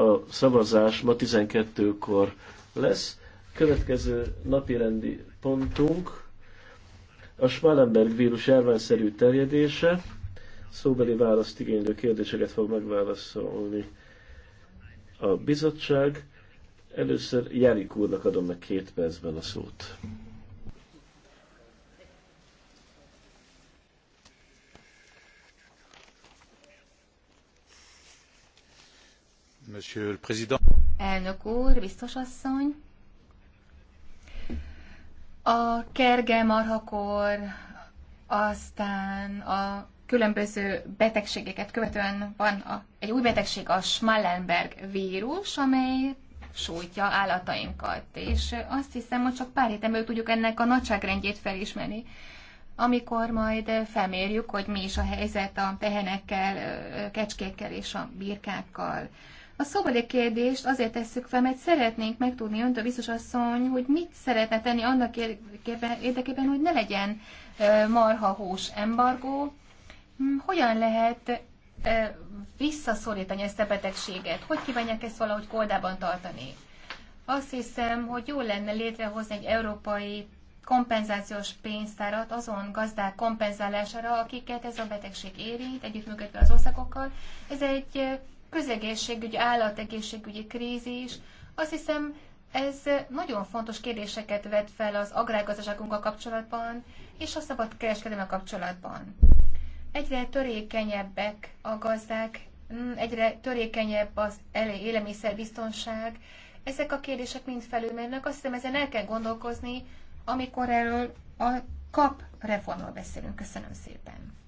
a szavazás ma 12-kor lesz. Következő napirendi pontunk a Schmallenberg vírus járványszerű terjedése. Szóbeli választ igénylő kérdéseket fog megválaszolni a bizottság. Először Jánik úrnak adom meg két percben a szót. Monsieur le Président. Elnök úr, biztos asszony. A kerge marhakor, aztán a különböző betegségeket követően van a, egy új betegség, a Schmallenberg vírus, amely sújtja állatainkat. És azt hiszem, hogy csak pár héten belül tudjuk ennek a nagyságrendjét felismerni, amikor majd felmérjük, hogy mi is a helyzet a tehenekkel, kecskékkel és a birkákkal. A szóbeli kérdést azért tesszük fel, mert szeretnénk megtudni a biztos asszony, hogy mit szeretne tenni annak érdekében, hogy ne legyen marha hús embargó, hmm, hogyan lehet visszaszorítani ezt a betegséget, hogy kívánják ezt valahogy koldában tartani. Azt hiszem, hogy jó lenne létrehozni egy európai kompenzációs pénztárat azon gazdák kompenzálására, akiket ez a betegség érint, együttműködve az országokkal. Ez egy közegészségügy, állategészségügyi krízis. Azt hiszem, ez nagyon fontos kérdéseket vet fel az agrárgazdaságunkkal kapcsolatban és a szabad kereskedelme kapcsolatban. Egyre törékenyebbek a gazdák, mm, egyre törékenyebb az élelmiszerbiztonság. Ezek a kérdések mind felülmérnek. Azt hiszem, ezen el kell gondolkozni, amikor erről a kap reformról beszélünk. Köszönöm szépen.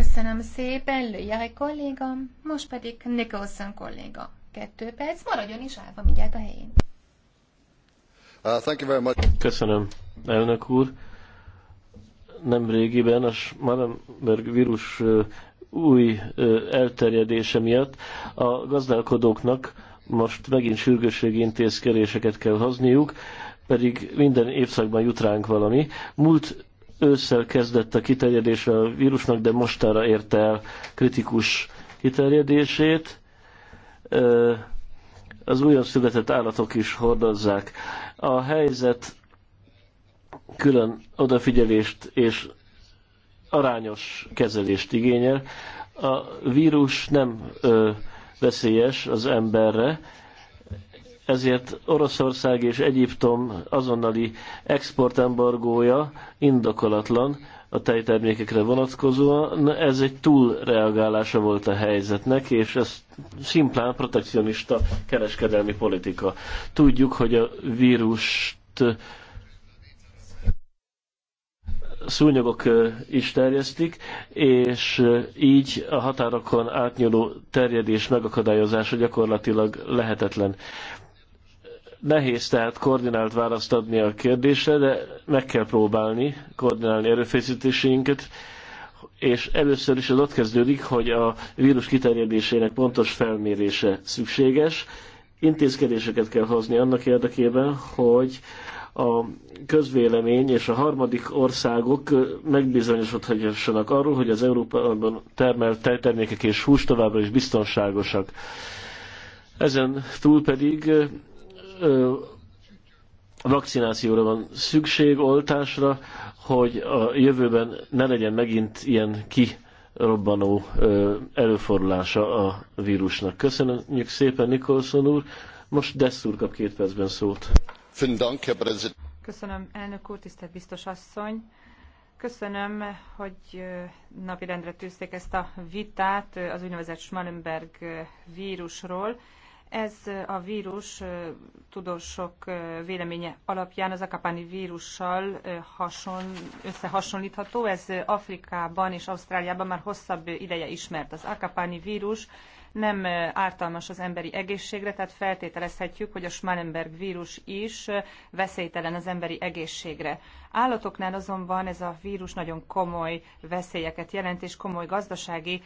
Köszönöm szépen, Lőjaj kolléga, most pedig Nicholson kolléga. Kettő perc, maradjon is állva mindjárt a helyén. Uh, thank you very much. Köszönöm, elnök úr. Nem régiben a Schmallenberg vírus uh, új uh, elterjedése miatt a gazdálkodóknak most megint sürgősségi intézkedéseket kell hozniuk, pedig minden évszakban jut ránk valami. Múlt ősszel kezdett a kiterjedés a vírusnak, de mostára érte el kritikus kiterjedését. Az újon született állatok is hordozzák. A helyzet külön odafigyelést és arányos kezelést igényel. A vírus nem ö, veszélyes az emberre, ezért Oroszország és Egyiptom azonnali exportembargója indokolatlan a tejtermékekre vonatkozóan. Ez egy túlreagálása volt a helyzetnek, és ez szimplán protekcionista kereskedelmi politika. Tudjuk, hogy a vírust szúnyogok is terjesztik, és így a határokon átnyúló terjedés megakadályozása gyakorlatilag lehetetlen. Nehéz tehát koordinált választ adni a kérdésre, de meg kell próbálni koordinálni erőfeszítéseinket, és először is az ott kezdődik, hogy a vírus kiterjedésének pontos felmérése szükséges. Intézkedéseket kell hozni annak érdekében, hogy a közvélemény és a harmadik országok megbizonyosodhassanak arról, hogy az Európában termelt tejtermékek és hús továbbra is biztonságosak. Ezen túl pedig ö, vakcinációra van szükség, oltásra, hogy a jövőben ne legyen megint ilyen kirobbanó ö, előfordulása a vírusnak. Köszönjük szépen, Nikolson úr. Most Desszúr kap két percben szót. Köszönöm, elnök úr, tisztelt biztos asszony. Köszönöm, hogy napirendre tűzték ezt a vitát az úgynevezett Schmallenberg vírusról ez a vírus tudósok véleménye alapján az akapáni vírussal hason, összehasonlítható. Ez Afrikában és Ausztráliában már hosszabb ideje ismert. Az akapáni vírus nem ártalmas az emberi egészségre, tehát feltételezhetjük, hogy a Schmallenberg vírus is veszélytelen az emberi egészségre. Állatoknál azonban ez a vírus nagyon komoly veszélyeket jelent, és komoly gazdasági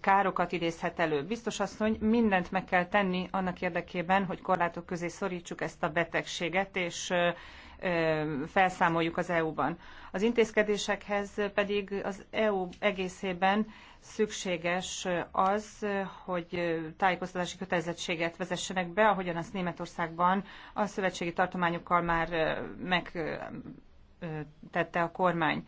károkat idézhet elő. Biztos hogy mindent meg kell tenni annak érdekében, hogy korlátok közé szorítsuk ezt a betegséget, és felszámoljuk az EU-ban. Az intézkedésekhez pedig az EU egészében szükséges az, hogy tájékoztatási kötelezettséget vezessenek be, ahogyan azt Németországban a szövetségi tartományokkal már megtette a kormány.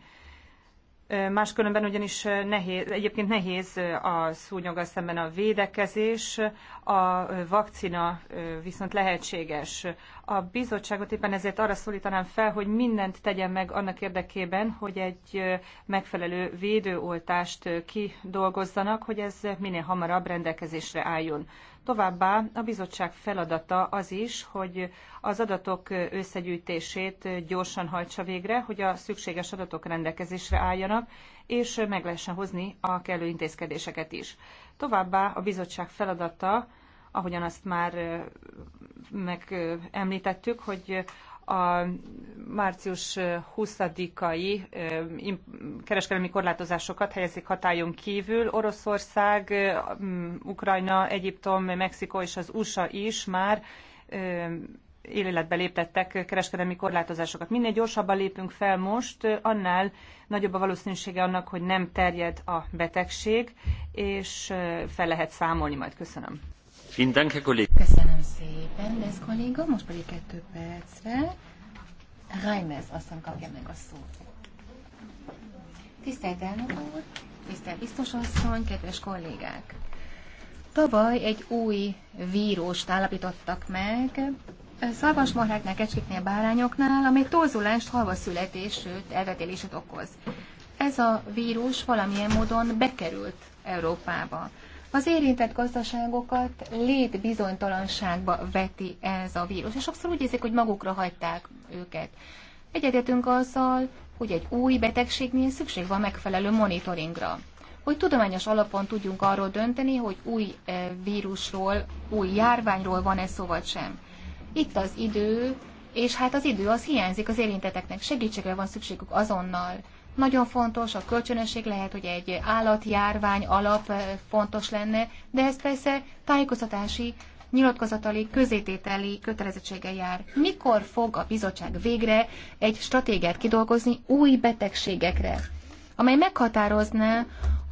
Máskülönben ugyanis nehéz, egyébként nehéz a szúnyoggal szemben a védekezés, a vakcina viszont lehetséges. A bizottságot éppen ezért arra szólítanám fel, hogy mindent tegyen meg annak érdekében, hogy egy megfelelő védőoltást kidolgozzanak, hogy ez minél hamarabb rendelkezésre álljon. Továbbá a bizottság feladata az is, hogy az adatok összegyűjtését gyorsan hajtsa végre, hogy a szükséges adatok rendelkezésre álljanak, és meg lehessen hozni a kellő intézkedéseket is. Továbbá a bizottság feladata, ahogyan azt már megemlítettük, hogy a március 20-ai kereskedelmi korlátozásokat helyezik hatályon kívül. Oroszország, Ukrajna, Egyiptom, Mexiko és az USA is már életbe léptettek kereskedelmi korlátozásokat. Minél gyorsabban lépünk fel most, annál nagyobb a valószínűsége annak, hogy nem terjed a betegség, és fel lehet számolni majd. Köszönöm. Köszönöm szépen, Lesz kolléga, most pedig kettő percre. Reimers aztán kapja meg a szót. Tisztelt elnök úr, tisztelt biztos asszony, kedves kollégák! Tavaly egy új vírust állapítottak meg, szarvasmarháknál, kecskéknél, bárányoknál, amely torzulást, halvaszületés, sőt, elvetélését okoz. Ez a vírus valamilyen módon bekerült Európába. Az érintett gazdaságokat létbizonytalanságba veti ez a vírus, és sokszor úgy érzik, hogy magukra hagyták őket. Egyetértünk azzal, hogy egy új betegségnél szükség van megfelelő monitoringra hogy tudományos alapon tudjunk arról dönteni, hogy új eh, vírusról, új járványról van-e szó vagy sem. Itt az idő, és hát az idő az hiányzik az érinteteknek, segítségre van szükségük azonnal. Nagyon fontos, a kölcsönösség lehet, hogy egy állatjárvány alap eh, fontos lenne, de ez persze tájékoztatási nyilatkozatali, közétételi kötelezettsége jár. Mikor fog a bizottság végre egy stratégiát kidolgozni új betegségekre, amely meghatározna,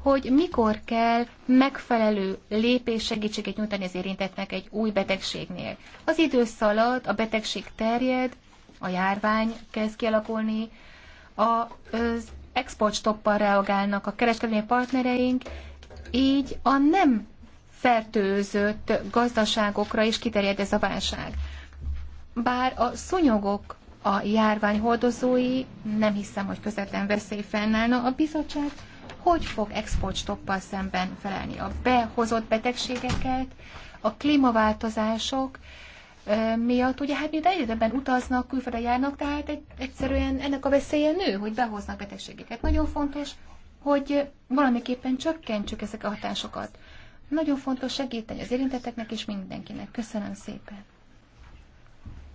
hogy mikor kell megfelelő lépés segítséget nyújtani az érintettnek egy új betegségnél. Az idő szalad, a betegség terjed, a járvány kezd kialakulni, az exportstoppal reagálnak a kereskedelmi partnereink, így a nem fertőzött gazdaságokra is kiterjed ez a válság. Bár a szúnyogok a járvány hordozói, nem hiszem, hogy közvetlen veszély fennállna, a bizottság hogy fog exportstoppal szemben felelni a behozott betegségeket, a klímaváltozások, miatt, ugye hát miután egyetemben utaznak, külföldre járnak, tehát egy, egyszerűen ennek a veszélye nő, hogy behoznak betegségeket. Nagyon fontos, hogy valamiképpen csökkentsük ezek a hatásokat. Nagyon fontos segíteni az érintetteknek és mindenkinek. Köszönöm szépen.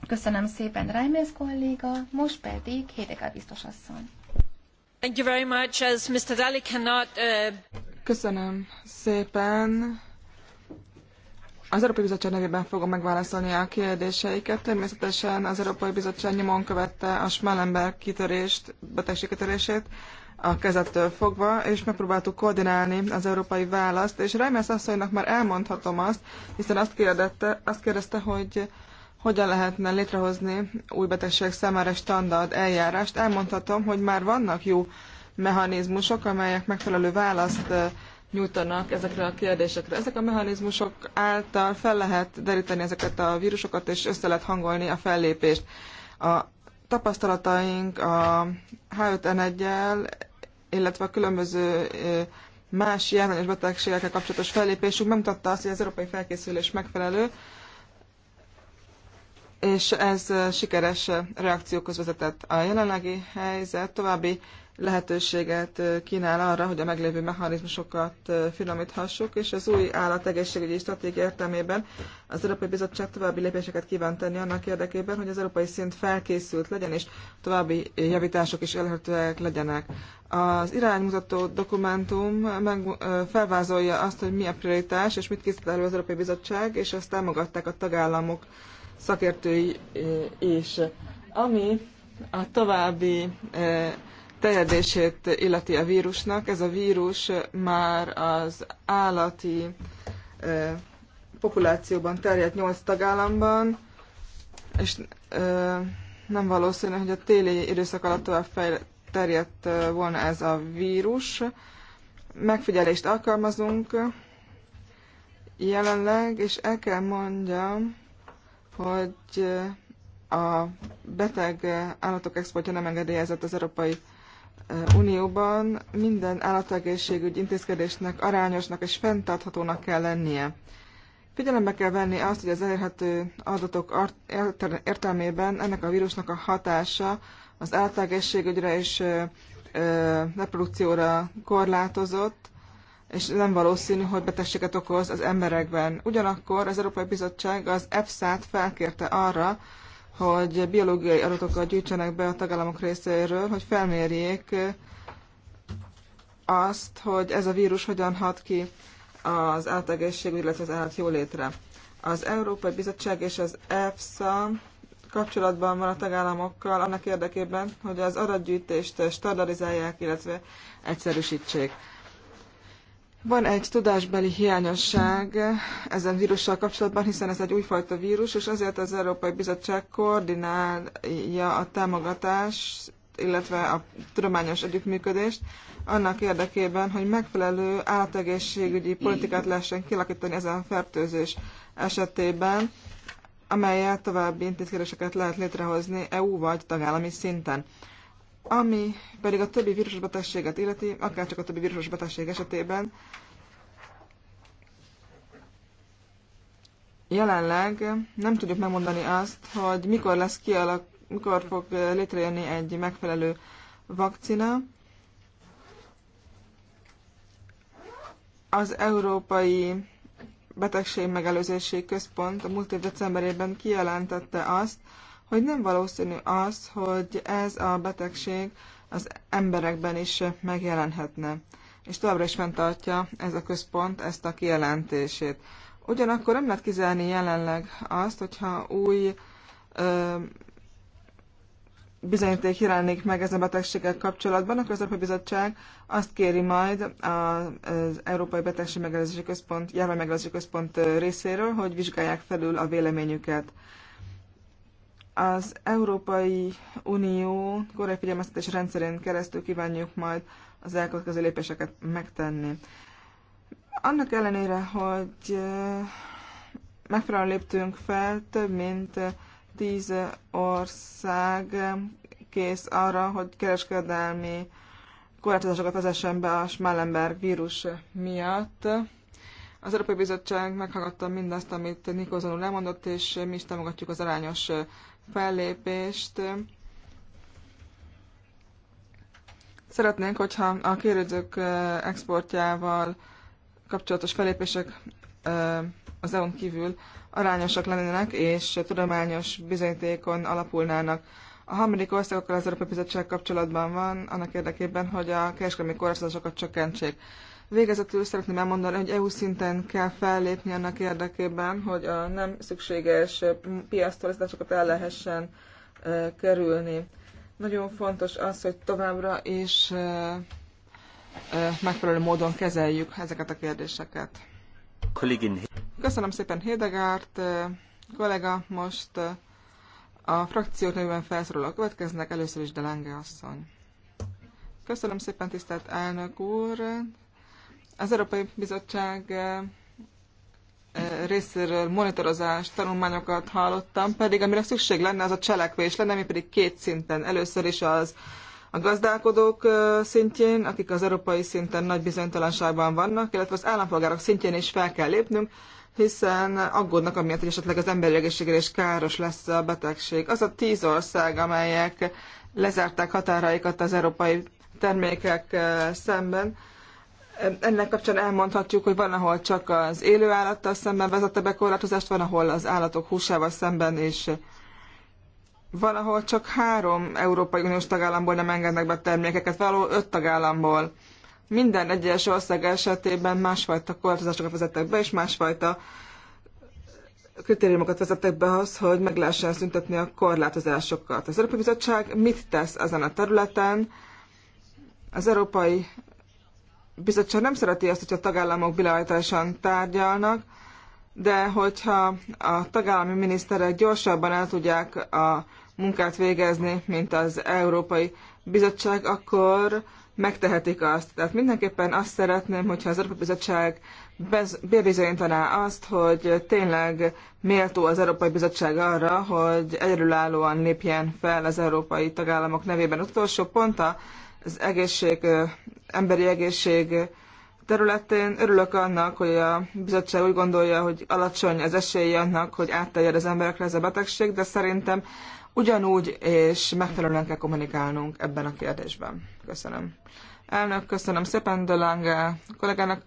Köszönöm szépen, Reimers kolléga, most pedig Hédegár biztos asszony. Thank you very much, as Mr. Dali cannot, uh... Köszönöm szépen. Az Európai Bizottság nevében fogom megválaszolni a kérdéseiket. Természetesen az Európai Bizottság nyomon követte a Schmallenberg kitörést, betegség kitörését a kezettől fogva, és megpróbáltuk koordinálni az európai választ, és Reimers asszonynak már elmondhatom azt, hiszen azt, kérdette, azt kérdezte, hogy hogyan lehetne létrehozni új betegség számára standard eljárást. Elmondhatom, hogy már vannak jó mechanizmusok, amelyek megfelelő választ nyújtanak ezekre a kérdésekre. Ezek a mechanizmusok által fel lehet deríteni ezeket a vírusokat, és össze lehet hangolni a fellépést. A tapasztalataink a H5N1-el, illetve a különböző más járványos betegségekkel kapcsolatos fellépésünk megmutatta azt, hogy az európai felkészülés megfelelő, és ez sikeres reakciókhoz vezetett. A jelenlegi helyzet további lehetőséget kínál arra, hogy a meglévő mechanizmusokat finomíthassuk, és az új állategészségügyi stratégia értelmében az Európai Bizottság további lépéseket kíván tenni annak érdekében, hogy az európai szint felkészült legyen, és további javítások is elérhetőek legyenek. Az iránymutató dokumentum meg, felvázolja azt, hogy mi a prioritás, és mit készít elő az Európai Bizottság, és azt támogatták a tagállamok szakértői is. Ami a további terjedését illeti a vírusnak, ez a vírus már az állati populációban terjedt 8 tagállamban, és nem valószínű, hogy a téli időszak alatt tovább terjedt volna ez a vírus. Megfigyelést alkalmazunk jelenleg, és el kell mondjam, hogy a beteg állatok exportja nem engedélyezett az Európai e, Unióban, minden állategészségügy intézkedésnek arányosnak és fenntarthatónak kell lennie. Figyelembe kell venni azt, hogy az elérhető adatok értelmében ennek a vírusnak a hatása az állategészségügyre és e, e, reprodukcióra korlátozott, és nem valószínű, hogy betegséget okoz az emberekben. Ugyanakkor az Európai Bizottság az EFSA-t felkérte arra, hogy biológiai adatokat gyűjtsenek be a tagállamok részéről, hogy felmérjék azt, hogy ez a vírus hogyan hat ki az átegészség, illetve az állat jólétre. Az Európai Bizottság és az EFSA kapcsolatban van a tagállamokkal annak érdekében, hogy az adatgyűjtést standardizálják, illetve egyszerűsítsék. Van egy tudásbeli hiányosság ezen vírussal kapcsolatban, hiszen ez egy újfajta vírus, és ezért az Európai Bizottság koordinálja a támogatást, illetve a tudományos együttműködést annak érdekében, hogy megfelelő állategészségügyi politikát lehessen kilakítani ezen fertőzés esetében, amelyel további intézkedéseket lehet létrehozni EU vagy tagállami szinten. Ami pedig a többi vírusos betegséget illeti, akár csak a többi vírusos betegség esetében, jelenleg nem tudjuk megmondani azt, hogy mikor lesz kialak, mikor fog létrejönni egy megfelelő vakcina. Az Európai Betegség Megelőzési Központ a múlt év decemberében kijelentette azt, hogy nem valószínű az, hogy ez a betegség az emberekben is megjelenhetne. És továbbra is fenntartja ez a központ ezt a kijelentését. Ugyanakkor nem lehet kizárni jelenleg azt, hogyha új ö, bizonyíték jelenik meg ezen betegséggel kapcsolatban, akkor az Európai Bizottság azt kéri majd az Európai Betegség Megelőzési Központ, Járvány Megelőzési Központ részéről, hogy vizsgálják felül a véleményüket. Az Európai Unió korai rendszerén keresztül kívánjuk majd az elkövetkező lépéseket megtenni. Annak ellenére, hogy megfelelően léptünk fel, több mint tíz ország kész arra, hogy kereskedelmi korlátozásokat vezessen be a Schmallenberg vírus miatt. Az Európai Bizottság meghallgatta mindazt, amit Nikozon lemondott, és mi is támogatjuk az arányos fellépést. Szeretnénk, hogyha a kérődzők exportjával kapcsolatos fellépések az EU-n kívül arányosak lennének, és tudományos bizonyítékon alapulnának. A harmadik országokkal az Európai Bizottság kapcsolatban van, annak érdekében, hogy a kereskedelmi korlátozásokat csökkentsék. Végezetül szeretném elmondani, hogy EU szinten kell fellépni annak érdekében, hogy a nem szükséges piasztorizásokat el lehessen kerülni. Nagyon fontos az, hogy továbbra is megfelelő módon kezeljük ezeket a kérdéseket. Kollégin. Köszönöm szépen Hildegárt, kollega, most a frakciók nevében felszólalók következnek, először is Delenge asszony. Köszönöm szépen, tisztelt elnök úr, az Európai Bizottság eh, eh, részéről monitorozás tanulmányokat hallottam, pedig amire szükség lenne, az a cselekvés lenne, ami pedig két szinten. Először is az a gazdálkodók eh, szintjén, akik az európai szinten nagy bizonytalanságban vannak, illetve az állampolgárok szintjén is fel kell lépnünk, hiszen aggódnak amiatt, hogy esetleg az emberi egészségére is káros lesz a betegség. Az a tíz ország, amelyek lezárták határaikat az európai termékek szemben, ennek kapcsán elmondhatjuk, hogy van, ahol csak az élő állattal szemben vezette be korlátozást, van, ahol az állatok húsával szemben és van, ahol csak három Európai Uniós tagállamból nem engednek be termékeket, valahol öt tagállamból. Minden egyes ország esetében másfajta korlátozásokat vezettek be, és másfajta kritériumokat vezettek be ahhoz, hogy meg lehessen szüntetni a korlátozásokat. Az Európai Bizottság mit tesz ezen a területen? Az Európai bizottság nem szereti azt, hogy a tagállamok bilajtásan tárgyalnak, de hogyha a tagállami miniszterek gyorsabban el tudják a munkát végezni, mint az Európai Bizottság, akkor megtehetik azt. Tehát mindenképpen azt szeretném, hogyha az Európai Bizottság bebizonyítaná azt, hogy tényleg méltó az Európai Bizottság arra, hogy egyedülállóan lépjen fel az európai tagállamok nevében. Utolsó pont a az egészség, emberi egészség területén. Örülök annak, hogy a bizottság úgy gondolja, hogy alacsony az esélye annak, hogy átterjed az emberekre ez a betegség, de szerintem ugyanúgy és megfelelően kell kommunikálnunk ebben a kérdésben. Köszönöm. Elnök, köszönöm szépen Delange kollégának,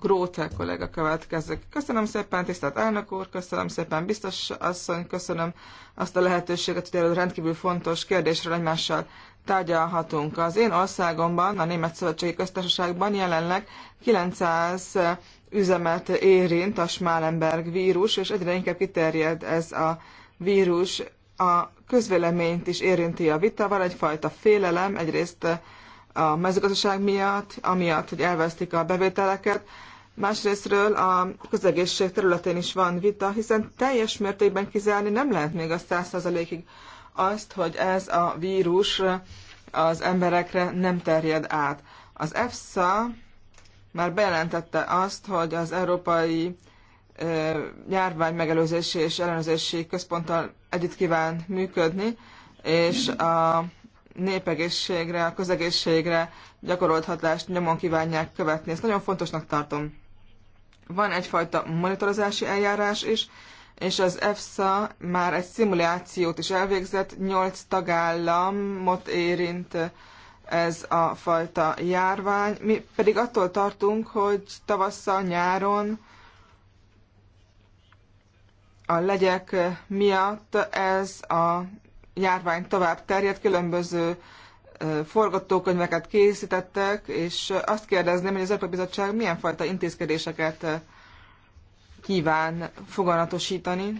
Gróte kollega következik. Köszönöm szépen, tisztelt elnök úr, köszönöm szépen, biztos asszony, köszönöm azt a lehetőséget, hogy erről rendkívül fontos kérdésről egymással tárgyalhatunk. Az én országomban, a Német Szövetségi Köztársaságban jelenleg 900 üzemet érint a Schmalenberg vírus, és egyre inkább kiterjed ez a vírus. A közvéleményt is érinti a vita, van egyfajta félelem, egyrészt a mezőgazdaság miatt, amiatt, hogy elvesztik a bevételeket, Másrésztről a közegészség területén is van vita, hiszen teljes mértékben kizárni nem lehet még a 100%-ig azt, hogy ez a vírus az emberekre nem terjed át. Az EFSA már bejelentette azt, hogy az Európai Járvány Megelőzési és Ellenőrzési Központtal együtt kíván működni, és a népegészségre, a közegészségre gyakorolt hatást nyomon kívánják követni. Ezt nagyon fontosnak tartom. Van egyfajta monitorozási eljárás is, és az EFSA már egy szimulációt is elvégzett, nyolc tagállamot érint ez a fajta járvány. Mi pedig attól tartunk, hogy tavasszal, nyáron a legyek miatt ez a járvány tovább terjed, különböző forgatókönyveket készítettek, és azt kérdezném, hogy az Európai Bizottság milyen fajta intézkedéseket kíván foganatosítani,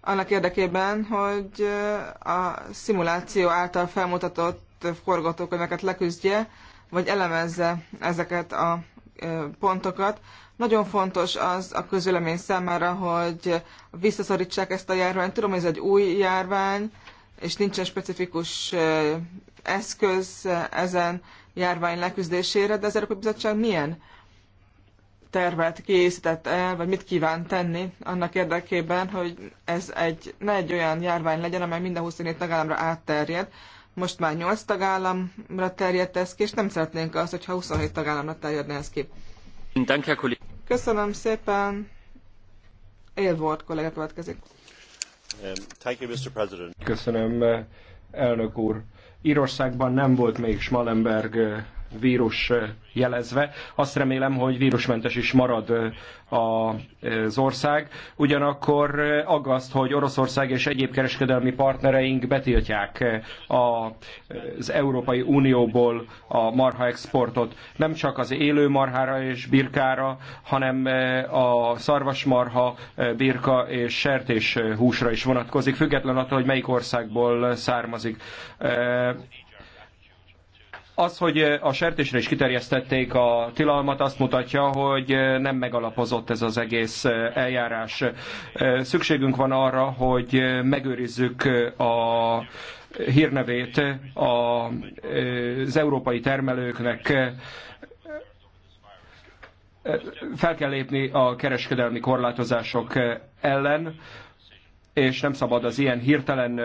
annak érdekében, hogy a szimuláció által felmutatott forgatókönyveket leküzdje, vagy elemezze ezeket a pontokat. Nagyon fontos az a közülemény számára, hogy visszaszorítsák ezt a járványt. Tudom, hogy ez egy új járvány, és nincsen specifikus eszköz ezen járvány leküzdésére, de az Európai Bizottság milyen tervet készített el, vagy mit kíván tenni annak érdekében, hogy ez egy, ne egy olyan járvány legyen, amely minden 27 tagállamra átterjed. Most már 8 tagállamra terjedt ez ki, és nem szeretnénk azt, hogyha 27 tagállamra terjedne ez ki. Köszönöm szépen. Él volt kollega következik. Köszönöm, elnök úr. Írországban nem volt még Schmalenberg vírus jelezve. Azt remélem, hogy vírusmentes is marad az ország. Ugyanakkor aggaszt, hogy Oroszország és egyéb kereskedelmi partnereink betiltják az Európai Unióból a marha exportot. Nem csak az élő marhára és birkára, hanem a szarvasmarha, birka és sertés húsra is vonatkozik, független attól, hogy melyik országból származik. Az, hogy a sertésre is kiterjesztették a tilalmat, azt mutatja, hogy nem megalapozott ez az egész eljárás. Szükségünk van arra, hogy megőrizzük a hírnevét az európai termelőknek, fel kell lépni a kereskedelmi korlátozások ellen, és nem szabad az ilyen hirtelen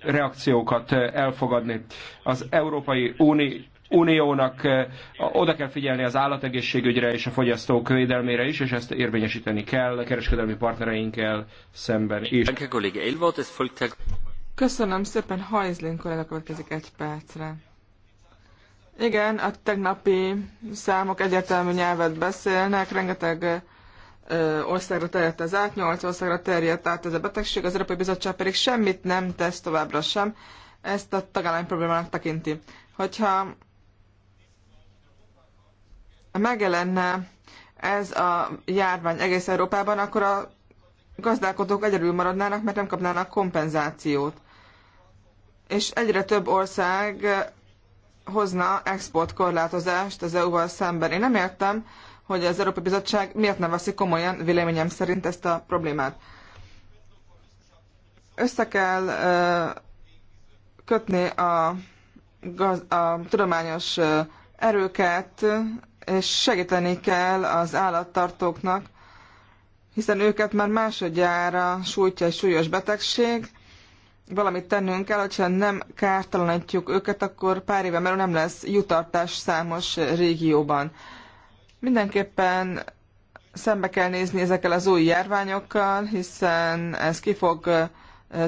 reakciókat elfogadni. Az Európai Uniónak oda kell figyelni az állategészségügyre és a fogyasztók védelmére is, és ezt érvényesíteni kell a kereskedelmi partnereinkkel szemben is. Köszönöm szépen, Hajzlin kollega következik egy percre. Igen, a tegnapi számok egyértelmű nyelvet beszélnek, rengeteg országra terjedt ez át, 8 országra terjedt át ez a betegség, az Európai Bizottság pedig semmit nem tesz továbbra sem, ezt a tagállami problémának tekinti. Hogyha megjelenne ez a járvány egész Európában, akkor a gazdálkodók egyedül maradnának, mert nem kapnának kompenzációt. És egyre több ország hozna exportkorlátozást az EU-val szemben. Én nem értem, hogy az Európai Bizottság miért nem veszi komolyan, véleményem szerint, ezt a problémát. Össze kell kötni a, gaz, a tudományos erőket, és segíteni kell az állattartóknak, hiszen őket már másodjára sújtja egy súlyos betegség, valamit tennünk kell, hogyha nem kártalanítjuk őket, akkor pár éve belül nem lesz jutartás számos régióban. Mindenképpen szembe kell nézni ezekkel az új járványokkal, hiszen ez ki fog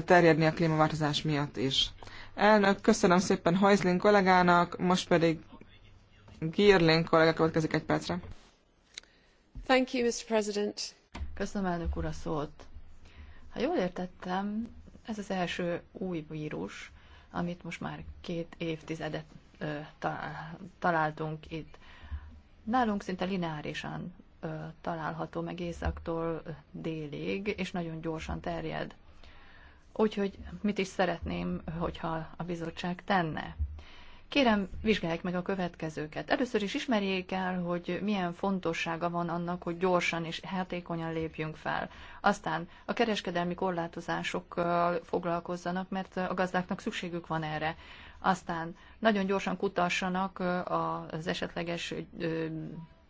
terjedni a klímaváltozás miatt is. Elnök, köszönöm szépen Hajzlin kollégának, most pedig Gírlin kollega következik egy percre. Thank you, Mr. President. Köszönöm, elnök úr, a szót. Ha jól értettem, ez az első új vírus, amit most már két évtizedet ö, találtunk itt nálunk szinte lineárisan ö, található meg északtól délig, és nagyon gyorsan terjed. Úgyhogy mit is szeretném, hogyha a bizottság tenne. Kérem, vizsgálják meg a következőket. Először is ismerjék el, hogy milyen fontossága van annak, hogy gyorsan és hatékonyan lépjünk fel. Aztán a kereskedelmi korlátozásokkal foglalkozzanak, mert a gazdáknak szükségük van erre. Aztán nagyon gyorsan kutassanak az esetleges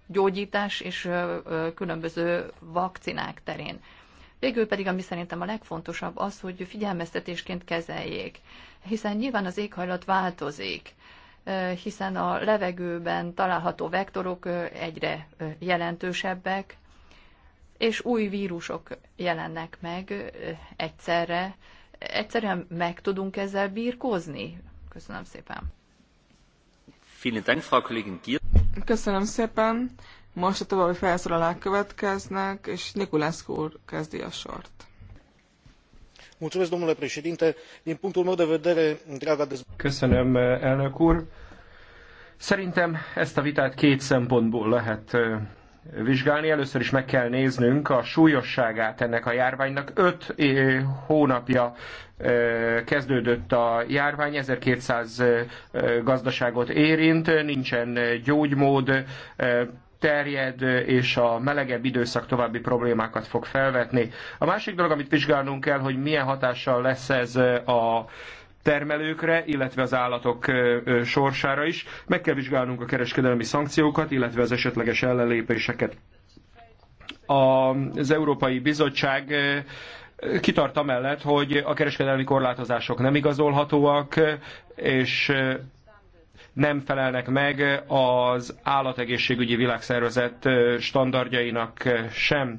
gyógyítás és különböző vakcinák terén. Végül pedig, ami szerintem a legfontosabb, az, hogy figyelmeztetésként kezeljék, hiszen nyilván az éghajlat változik, hiszen a levegőben található vektorok egyre jelentősebbek, és új vírusok jelennek meg egyszerre. Egyszerűen meg tudunk ezzel birkózni? Köszönöm szépen. Köszönöm szépen. Most a további felszólalák következnek, és Nikulászkó úr kezdi a sort. Din punctul meu de vedere, întreaga Köszönöm, elnök úr. Szerintem ezt a vitát két szempontból lehet vizsgálni. Először is meg kell néznünk a súlyosságát ennek a járványnak. Öt hónapja kezdődött a járvány, 1200 gazdaságot érint, nincsen gyógymód, terjed, és a melegebb időszak további problémákat fog felvetni. A másik dolog, amit vizsgálnunk kell, hogy milyen hatással lesz ez a termelőkre, illetve az állatok sorsára is. Meg kell vizsgálnunk a kereskedelmi szankciókat, illetve az esetleges ellenlépéseket. Az Európai Bizottság kitart amellett, hogy a kereskedelmi korlátozások nem igazolhatóak, és nem felelnek meg az állategészségügyi világszervezet standardjainak sem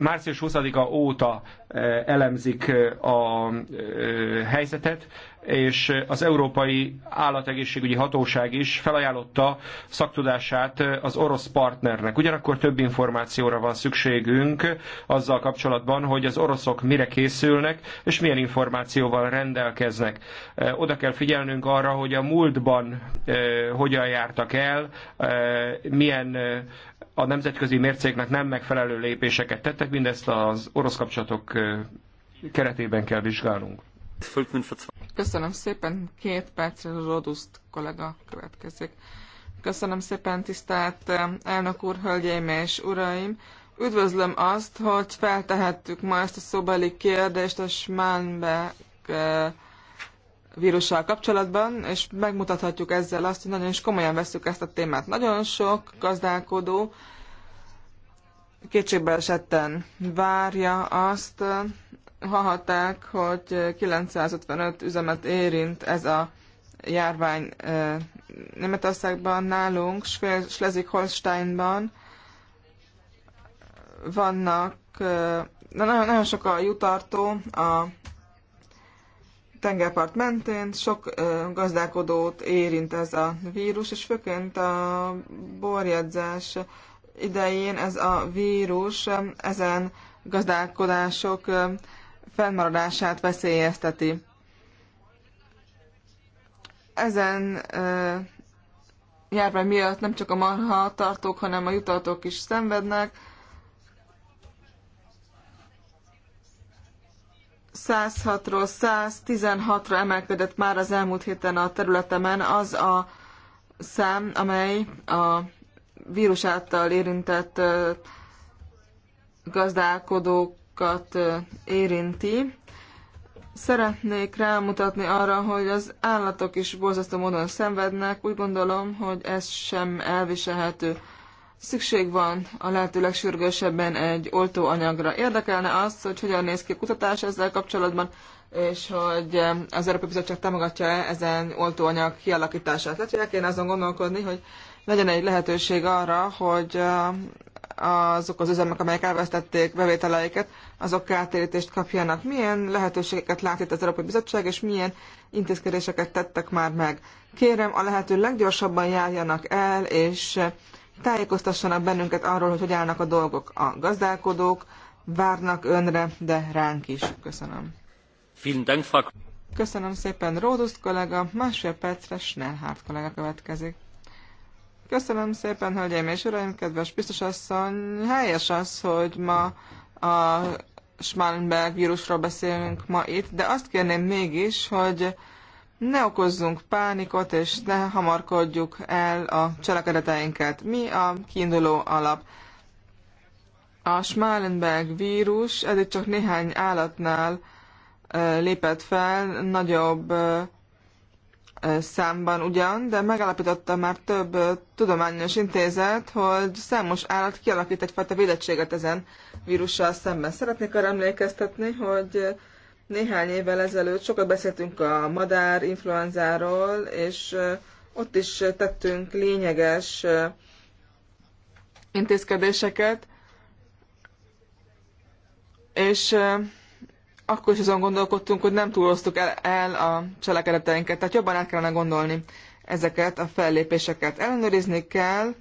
március 20-a óta e, elemzik e, a e, helyzetet, és az Európai Állategészségügyi Hatóság is felajánlotta szaktudását az orosz partnernek. Ugyanakkor több információra van szükségünk azzal kapcsolatban, hogy az oroszok mire készülnek, és milyen információval rendelkeznek. Oda kell figyelnünk arra, hogy a múltban hogyan jártak el, milyen a nemzetközi mércéknek nem megfelelő lépéseket tettek, mindezt az orosz kapcsolatok keretében kell vizsgálnunk. Köszönöm szépen, két percre Roduszt kollega következik. Köszönöm szépen, tisztelt elnök úr, hölgyeim és uraim! Üdvözlöm azt, hogy feltehettük ma ezt a szobeli kérdést a Smánbek vírussal kapcsolatban, és megmutathatjuk ezzel azt, hogy nagyon is komolyan veszük ezt a témát. Nagyon sok gazdálkodó kétségbe esetten várja azt, hallhatták, hogy 955 üzemet érint ez a járvány eh, Németországban, nálunk, Schleswig-Holsteinban vannak, eh, de nagyon, nagyon sok a jutartó, a tengerpart mentén sok gazdálkodót érint ez a vírus, és főként a borjegyzés idején ez a vírus ezen gazdálkodások fennmaradását veszélyezteti. Ezen járvány miatt nem csak a marha tartók, hanem a jutatók is szenvednek, 106-ról 116-ra emelkedett már az elmúlt héten a területemen az a szám, amely a vírus által érintett gazdálkodókat érinti. Szeretnék rámutatni arra, hogy az állatok is borzasztó módon szenvednek. Úgy gondolom, hogy ez sem elviselhető. Szükség van a lehető legsürgősebben egy oltóanyagra. Érdekelne az, hogy hogyan néz ki a kutatás ezzel kapcsolatban, és hogy az Európai Bizottság támogatja -e ezen oltóanyag kialakítását. Lehet, hogy el kéne azon gondolkodni, hogy legyen egy lehetőség arra, hogy eh, azok az üzemek, amelyek elvesztették bevételeiket, azok kártérítést kapjanak. Milyen lehetőségeket lát itt az Európai Bizottság, és milyen intézkedéseket tettek már meg? Kérem, a lehető leggyorsabban járjanak el, és tájékoztassanak bennünket arról, hogy hogy állnak a dolgok. A gazdálkodók várnak önre, de ránk is. Köszönöm. Köszönöm szépen Róduszt kollega, másfél percre Schnellhardt kollega következik. Köszönöm szépen, hölgyeim és uraim, kedves biztos asszony. Helyes az, hogy ma a Schmallenberg vírusról beszélünk ma itt, de azt kérném mégis, hogy ne okozzunk pánikot, és ne hamarkodjuk el a cselekedeteinket. Mi a kiinduló alap? A Schmalenberg vírus eddig csak néhány állatnál lépett fel, nagyobb számban ugyan, de megállapította már több tudományos intézet, hogy számos állat kialakít egyfajta védettséget ezen vírussal szemben. Szeretnék arra emlékeztetni, hogy néhány évvel ezelőtt sokat beszéltünk a madár influenzáról, és ott is tettünk lényeges intézkedéseket, és akkor is azon gondolkodtunk, hogy nem túloztuk el, el a cselekedeteinket, tehát jobban át kellene gondolni ezeket a fellépéseket. Ellenőrizni kell,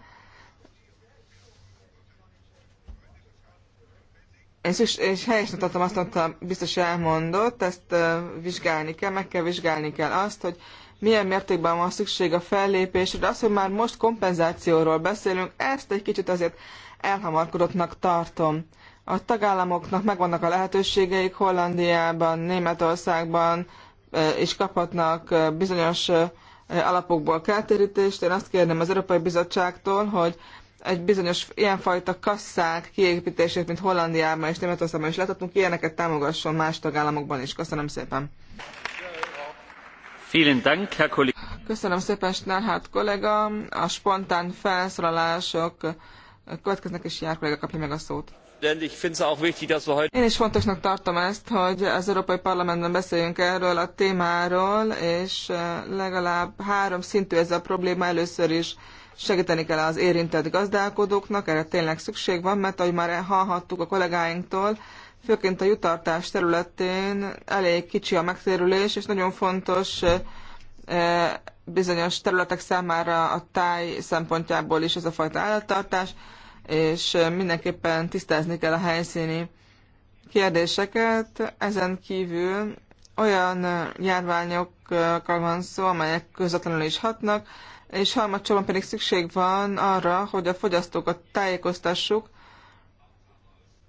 és, és, és helyesen tartom azt, amit biztos elmondott, ezt vizsgálni kell, meg kell vizsgálni kell azt, hogy milyen mértékben van szükség a fellépésre, de az, hogy már most kompenzációról beszélünk, ezt egy kicsit azért elhamarkodottnak tartom. A tagállamoknak megvannak a lehetőségeik, Hollandiában, Németországban is kaphatnak bizonyos alapokból kártérítést. Én azt kérném az Európai Bizottságtól, hogy egy bizonyos ilyenfajta kasszák kiépítését, mint Hollandiában és Németországban is láthatunk, ilyeneket támogasson más tagállamokban is. Köszönöm szépen! Köszönöm szépen, Snárhát, kollega. A spontán felszólalások következnek, és jár kollega kapja meg a szót. Én is fontosnak tartom ezt, hogy az Európai Parlamentben beszéljünk erről a témáról, és legalább három szintű ez a probléma először is segíteni kell az érintett gazdálkodóknak, erre tényleg szükség van, mert ahogy már hallhattuk a kollégáinktól, főként a jutartás területén elég kicsi a megtérülés, és nagyon fontos eh, bizonyos területek számára a táj szempontjából is ez a fajta állattartás, és eh, mindenképpen tisztázni kell a helyszíni kérdéseket. Ezen kívül olyan eh, járványokkal van szó, amelyek közvetlenül is hatnak, és harmadsorban pedig szükség van arra, hogy a fogyasztókat tájékoztassuk,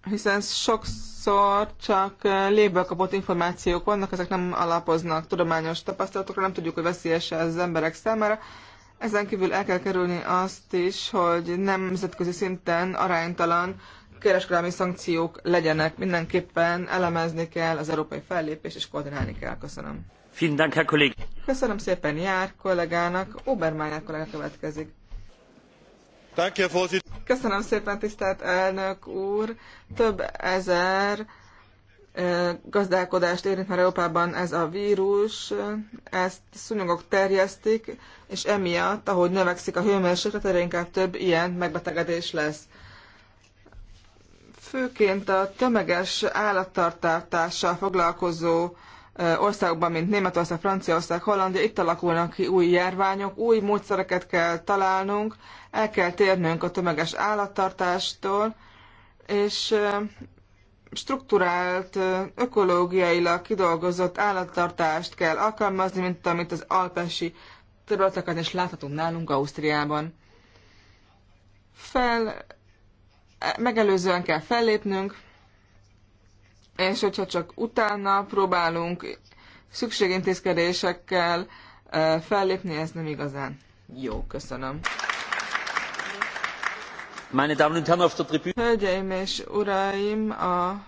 hiszen sokszor csak léből kapott információk vannak, ezek nem alapoznak tudományos tapasztalatokra, nem tudjuk, hogy veszélyes ez az emberek számára. Ezen kívül el kell kerülni azt is, hogy nemzetközi szinten aránytalan kereskedelmi szankciók legyenek. Mindenképpen elemezni kell az európai fellépést, és koordinálni kell. Köszönöm. Köszönöm szépen Jár kollégának, Obermeyer kollega következik. Köszönöm szépen, tisztelt elnök úr! Több ezer gazdálkodást érint már Európában ez a vírus, ezt szúnyogok terjesztik, és emiatt, ahogy növekszik a hőmérséklet, egyre inkább több ilyen megbetegedés lesz. Főként a tömeges állattartással foglalkozó országban, mint Németország, Franciaország, Hollandia, itt alakulnak ki új járványok, új módszereket kell találnunk, el kell térnünk a tömeges állattartástól, és strukturált, ökológiailag kidolgozott állattartást kell alkalmazni, mint amit az alpesi területeken is láthatunk nálunk Ausztriában. Fel, megelőzően kell fellépnünk, és hogyha csak utána próbálunk szükségintézkedésekkel fellépni, ez nem igazán jó. Köszönöm. Meine Damen und Herren auf der Tribüne. Hölgyeim és uraim, a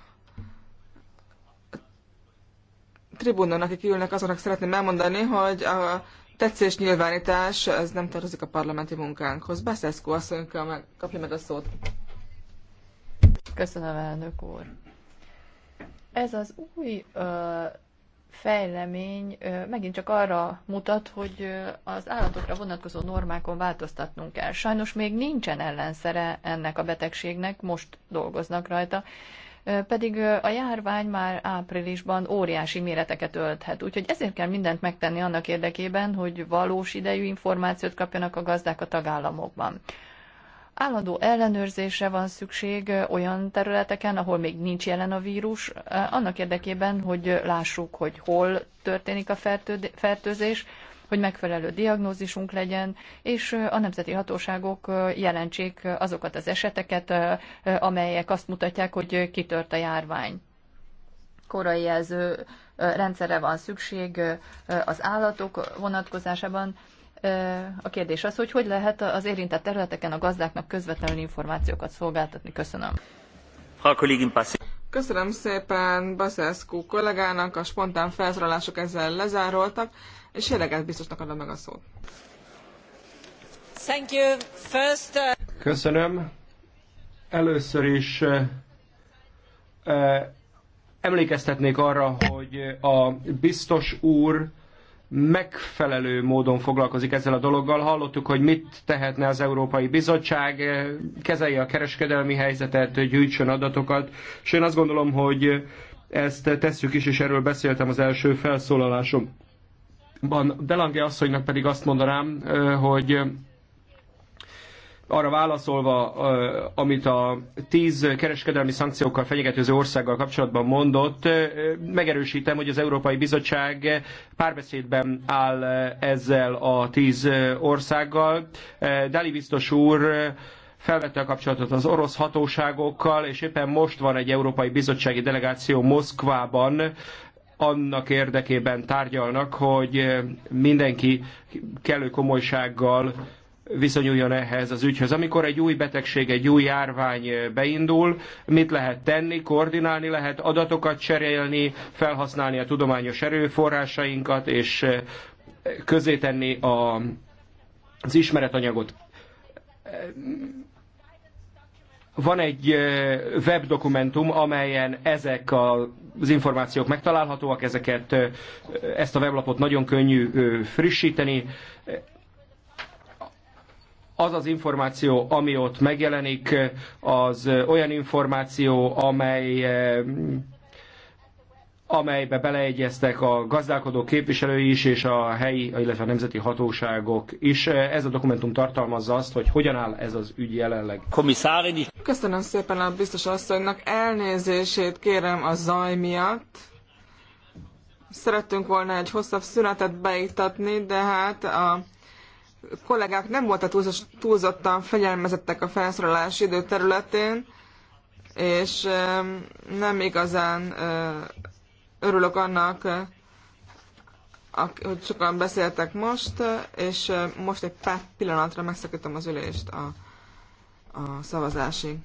tribunon, akik ülnek, azonnak szeretném elmondani, hogy a tetszés nyilvánítás, ez nem tartozik a parlamenti munkánkhoz. Beszeszkó asszony kapja meg a szót. Köszönöm, elnök úr ez az új ö, fejlemény ö, megint csak arra mutat, hogy ö, az állatokra vonatkozó normákon változtatnunk kell. Sajnos még nincsen ellenszere ennek a betegségnek, most dolgoznak rajta, pedig a járvány már áprilisban óriási méreteket ölthet. Úgyhogy ezért kell mindent megtenni annak érdekében, hogy valós idejű információt kapjanak a gazdák a tagállamokban állandó ellenőrzésre van szükség olyan területeken, ahol még nincs jelen a vírus, annak érdekében, hogy lássuk, hogy hol történik a fertőzés, hogy megfelelő diagnózisunk legyen, és a nemzeti hatóságok jelentsék azokat az eseteket, amelyek azt mutatják, hogy kitört a járvány. Korai jelző rendszerre van szükség az állatok vonatkozásában, a kérdés az, hogy hogy lehet az érintett területeken a gazdáknak közvetlenül információkat szolgáltatni. Köszönöm. Köszönöm szépen Baszeszkú kollégának, a spontán felszólalások ezzel lezároltak, és jeleget biztosnak adom meg a szót. Thank you. First, uh... Köszönöm. Először is uh, uh, emlékeztetnék arra, hogy a biztos úr megfelelő módon foglalkozik ezzel a dologgal. Hallottuk, hogy mit tehetne az Európai Bizottság, kezelje a kereskedelmi helyzetet, gyűjtsön adatokat, és én azt gondolom, hogy ezt tesszük is, és erről beszéltem az első felszólalásomban. Delange asszonynak pedig azt mondanám, hogy arra válaszolva, amit a tíz kereskedelmi szankciókkal fenyegetőző országgal kapcsolatban mondott, megerősítem, hogy az Európai Bizottság párbeszédben áll ezzel a tíz országgal. Dali biztos úr felvette a kapcsolatot az orosz hatóságokkal, és éppen most van egy Európai Bizottsági Delegáció Moszkvában, annak érdekében tárgyalnak, hogy mindenki kellő komolysággal viszonyuljon ehhez az ügyhöz. Amikor egy új betegség, egy új járvány beindul, mit lehet tenni? Koordinálni lehet, adatokat cserélni, felhasználni a tudományos erőforrásainkat, és közétenni a, az ismeretanyagot. Van egy webdokumentum, amelyen ezek a, az információk megtalálhatóak, ezeket, ezt a weblapot nagyon könnyű frissíteni az az információ, ami ott megjelenik, az olyan információ, amely amelybe beleegyeztek a gazdálkodó képviselői is, és a helyi, illetve a nemzeti hatóságok is. Ez a dokumentum tartalmazza azt, hogy hogyan áll ez az ügy jelenleg. Komisszárini. Köszönöm szépen a biztos asszonynak. Elnézését kérem a zaj miatt. Szerettünk volna egy hosszabb szünetet beiktatni, de hát a kollégák nem voltak túlzottan fegyelmezettek a felszólalási idő területén, és nem igazán örülök annak, hogy sokan beszéltek most, és most egy pár pillanatra megszakítom az ülést a, a szavazásig.